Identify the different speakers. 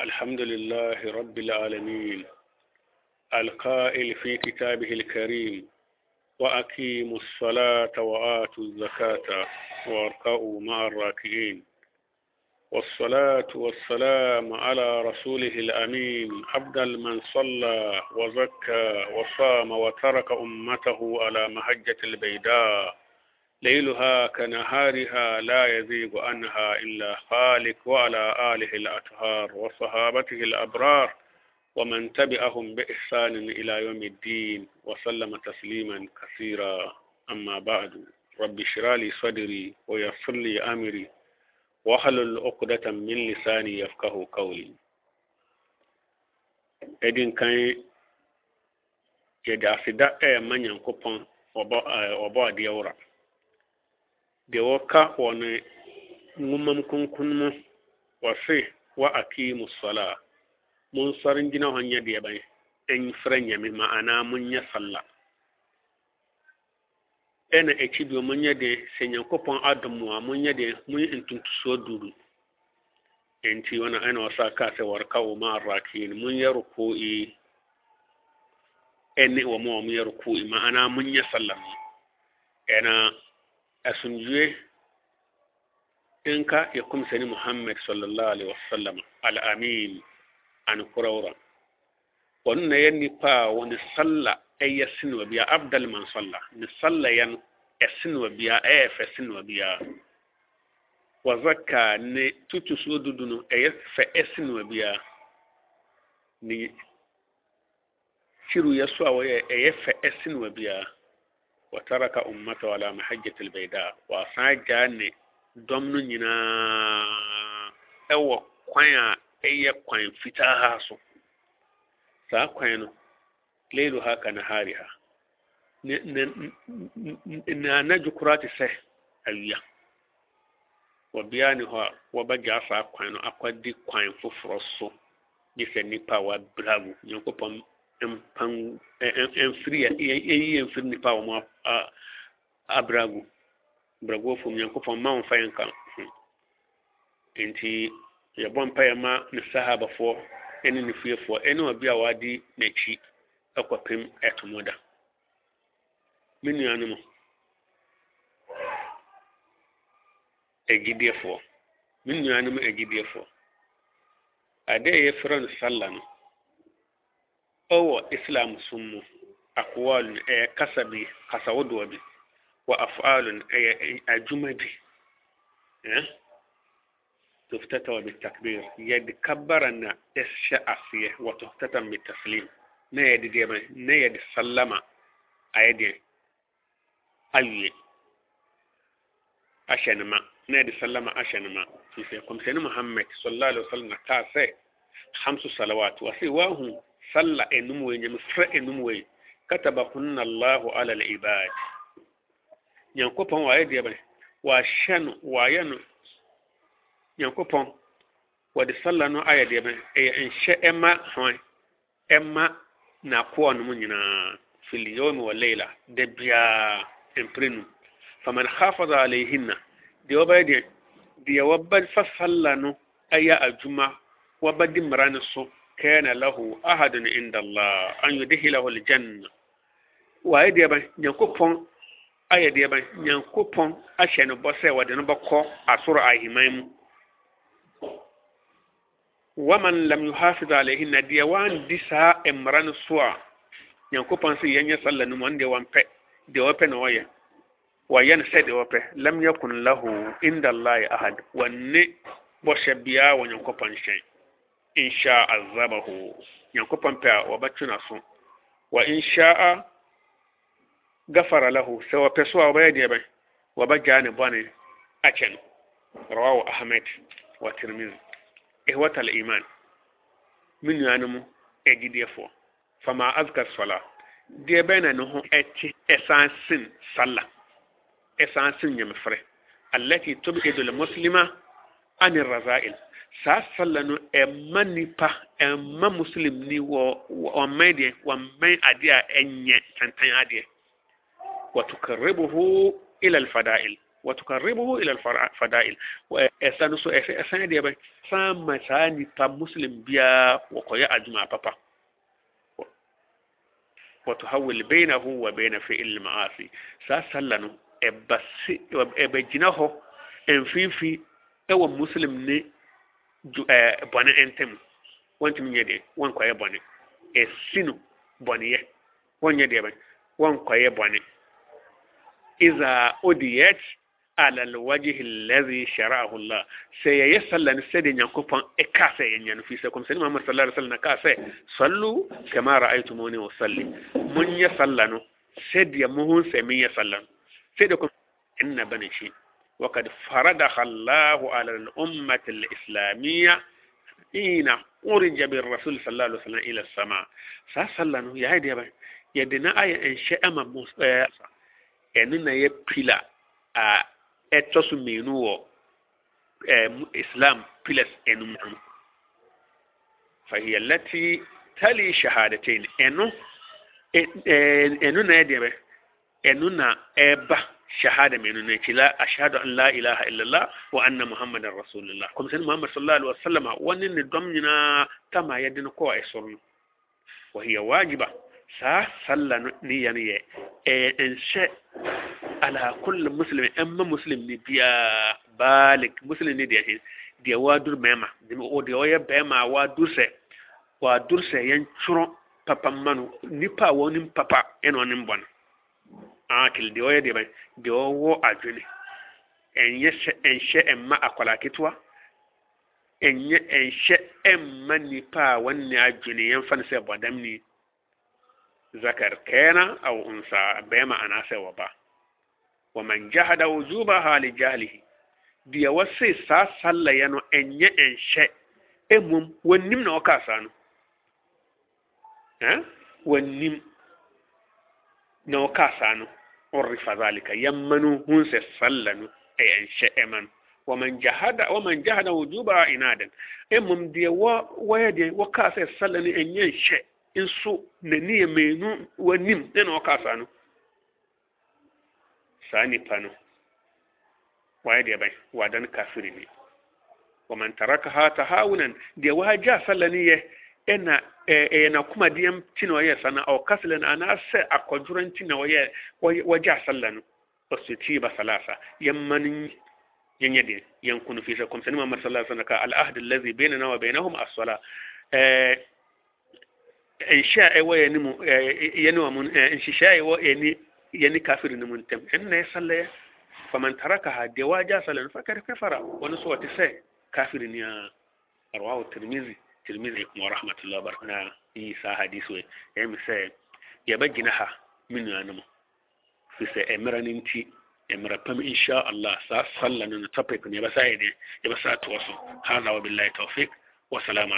Speaker 1: الحمد لله رب العالمين القائل في كتابه الكريم وأقيموا الصلاة وآتوا الزكاة واركعوا مع الراكعين والصلاة والسلام على رسوله الأمين أفضل من صلى وزكى وصام وترك أمته على مهجة البيداء ليلها كنهارها لا يزيغ عنها إلا خالق وعلى آله الأطهار وصحابته الأبرار ومن تبعهم بإحسان إلى يوم الدين وسلم تسليما كثيرا أما بعد رب اشرح لي صدري ويسر لي أمري واحلل عقدة من لساني يفقه قولي ɛdi كان yɛde aseda من ينقبون nyankopɔn ɔbɔ adeɛ da waka wani ngumam kunkunmu wase wa akimu musala, mun sarin gina hanya da yabai en fren yami ma'ana mun ya sallah ena eki do mun ya de senyan kopon adamu mun ya de mun intuntu so duru enti wani ana wasa ka se warka o ma rakin mun ya yi ene wa mu mun ya ruku'i ma'ana mun ya mu ɛna. ka inka kumsa ni muhammad sallallahu alaihi wasallam al'amin an kurawra wannan ya ni pa wani salla ay yasin wa biya abdal man salla ni salla yan yasin wa biya ay fasin wa biya wa zakka ni tutu sududunu ay fa yasin wa biya ni shiru yaswa wa ay fa yasin wa biya wa taraka ummato ala mahajjatil bayda wa san jaane dɔmno nyinaa ɛwɔ kwan a ɛyɛ kwan fitaa so saa kwan no leilu ha ka nahaari ha naanadwo koraa te sɛ awia wɔbea ne hɔ a wɔbɛgyaa saa kwan no akɔde kwan foforɔ so gye sɛ nnipa a wɔabragu nyankopɔn ɛmfiri eh, eh, ɛyi ɛmfiri eh, nipa a wɔn abragu bragu fam nyankopɔn mma wɔn fa yɛn ka nti yɛbɔ mpa yɛn ma ne sahabafoɔ ɛne ne fiefoɔ ɛne obi a wadi n'akyi ɛkɔpem ɛtomo da me nuanom agyidiefoɔ me nuanom agyidiefoɔ ade a yɛfrɛ no sallah no owo islam sun sunmu akwalun ɛyɛ kasa bi kasa wodoɔ bi wa afalun ɛyɛ adwuma bi tuftata wa bitakbir yɛde kabara na ɛhyɛ aseɛ wa tuftata bitaslim na yɛde deɛ ma na yɛde sallama ayɛ deɛ awie ahyɛ ne ma na yɛde sallama ahyɛ ne ma firi sɛ kɔmsɛne muhammad sallallahu alaihi wasallam na kaa sɛ hamsu salawat wa sɛ wahu salla enum wey nyame fra enum wey kataba hunna allahu ala al ibad nyankopɔn waayɛ deɛ bɛn waahyɛ no waayɛ no nyankopɔn wɔde salla no ayɛ deɛ bɛn ɛyɛ nhyɛ ɛma hwan ɛma n'akoa no mu nyinaa fili yawmi wa leila da biaa mpere faman hafaza alayhinna deɛ wɔbɛyɛ deɛ deɛ wɔbɛfa salla no ayɛ adwuma wɔbɛdi mmara no so kana lahu ahadun inda Allah an yudkhilahu aljanna wa ayde ban yankopon ayɛ deɛ bɛn nyankopɔn ahyɛ no bɔ sɛ wɔde no bɛkɔ asoro aheman mu waman lam yuhafiz alayhi na deɛ wandi saa mmara no so a nyankopɔn sɛ yɛnyɛ sala no mu ɔno deɛ wɔmpɛ deɛ wɔpɛ na ɔyɛ wɔyɛ no sɛdeɛ wɔpɛ lam yakun lahu inda allahi ahad wɔnne bɔhyɛ biara wɔ nyankopɔn nhyɛn insha azabahu wa pa na so wa insha gafara lahu sai wa fesuwa wa bayani bai wa bajani bane can. Rawu ahmed wa tirmidhi ihwata al-iman min yanum egidefo fama azka sala deɛ bɛn na ne ho ɛte ɛsan sin sala esansin sin nyamefrɛ alati tubhidu al-muslima anir raza'il saa fɛlɛ no ɛma nipa ɛma ni wɔ ɔmɛn deɛ wɔmɛn adeɛ a ɛnyɛ tantan adeɛ wɔtukaribuhu ila alfadail wɔtukaribuhu ila alfadail ɛsa no so ɛsɛ ɛsan deɛ bɛ san ma saa nipa muslim biara wɔkɔyɛ adwuma papa wɔtuhawil bainahu wa baina fi'il ma'asi saa sallah no ɛbɛsi ɛbɛgyina hɔ mfimfini ɛwɔ muslim ni Eh, bɔne ntam wɔntumi nyɛ deɛ wɔnkɔyɛ bɔne ɛsi no bɔneyɛ wɔnyɛ deɛ bɛ wɔnkɔyɛ bɔne iza odiyat ala alwajhi alladhi shara'ahu Allah sai yayi sallan sai da ɛka sɛ sai yanya nufi sɛ kuma sai Muhammad sallallahu alaihi na ka sɛ sallu kama o usalli mun ya sallano sai da muhun sai min ya sallano sai da kuma bani shi وقد فرضها الله على الأمة الإسلامية حين أرج بالرسول صلى الله عليه وسلم إلى السماء سأسألنا يا هدي بان يدنا أي إن شاء ما موسى أننا يبقلا آه، أتوس منو آه، إسلام بلس أنم فهي التي تلي شهادتين أنو أنو نادي بان أنو نا أبا shahada mai nuna ce ashhadu an la ilaha illallah wa anna muhammadan rasulullah kuma sai muhammad sallallahu alaihi wasallama wannan ne domina ma yadda na kowa ya sunna wa hiya wajiba sa salla ni yani e en she ala kullu muslimin amma muslim ne biya balik muslim ne da yake da wadur bema da o da waya bema wadur durse wa durse yan churo papa manu nipa wonin papa en wonin bon akil da waya da bai deɛ ɔwɔ adwene ɛnyɛ hyɛ ɛnhyɛ mma akwadaa ketewa ɛnyɛ ɛnhyɛ mma nipa a wɔnne adwene yɛmfa no sɛ bɔdam ni zakar kɛna aw unsa wa anaasɛ wa waman jahada wujubaha li jahlihi deɛ wɔse saa sallayɛ no ɛnyɛ ɛnhyɛ mmom wɔnnim na wɔkaa saa no eh? wɔnnim na wɔkaa saa no عرف ذلك يمن هنس سلنو اي ان شئمن ومن جهد ومن جهد وجوبا انادا ام دي و ويدي وكاس سلني ان ينش ان سو نني مينو ونم إن وكاسانو ثاني فانو ويدي باي ودان كافرني ومن تركها تهاونا دي وهجا سلنيه ɛna ɛɛ e, ɛyɛ e, n'akomadeɛ nti na ɔyɛ sa na ɔkasala no anaasɛ akɔdworɔ nti na ɔyɛ wɔyɛ wɔgye asala no ɔsotii ba salasa yɛmma no yɛnyɛ deɛ yɛnko no fii sɛ kɔm sɛ mamad salaa sallam ka alahd allazi bainana wa bainahum asala ɛɛ e, a ɛwɔ yɛne mu yɛne wɔn mu nhyehyɛ a ɛwɔ yɛne yɛne kafiri no mu ntam ɛno na ɛsala yɛ faman tarakaha deɛ wagye asala no fakad kafara ɔno so ɔte sɛ kafiri ni a rawahu tirmizi تلميذي كم ورحمة الله بركنا في سا حديث وي ام سي يبجنا ها من انمو في سي امرن انتي امر بام ان شاء الله سا صلى لنا توبيك ني بسايدي يبسا توصو هذا وبالله التوفيق والسلام عليكم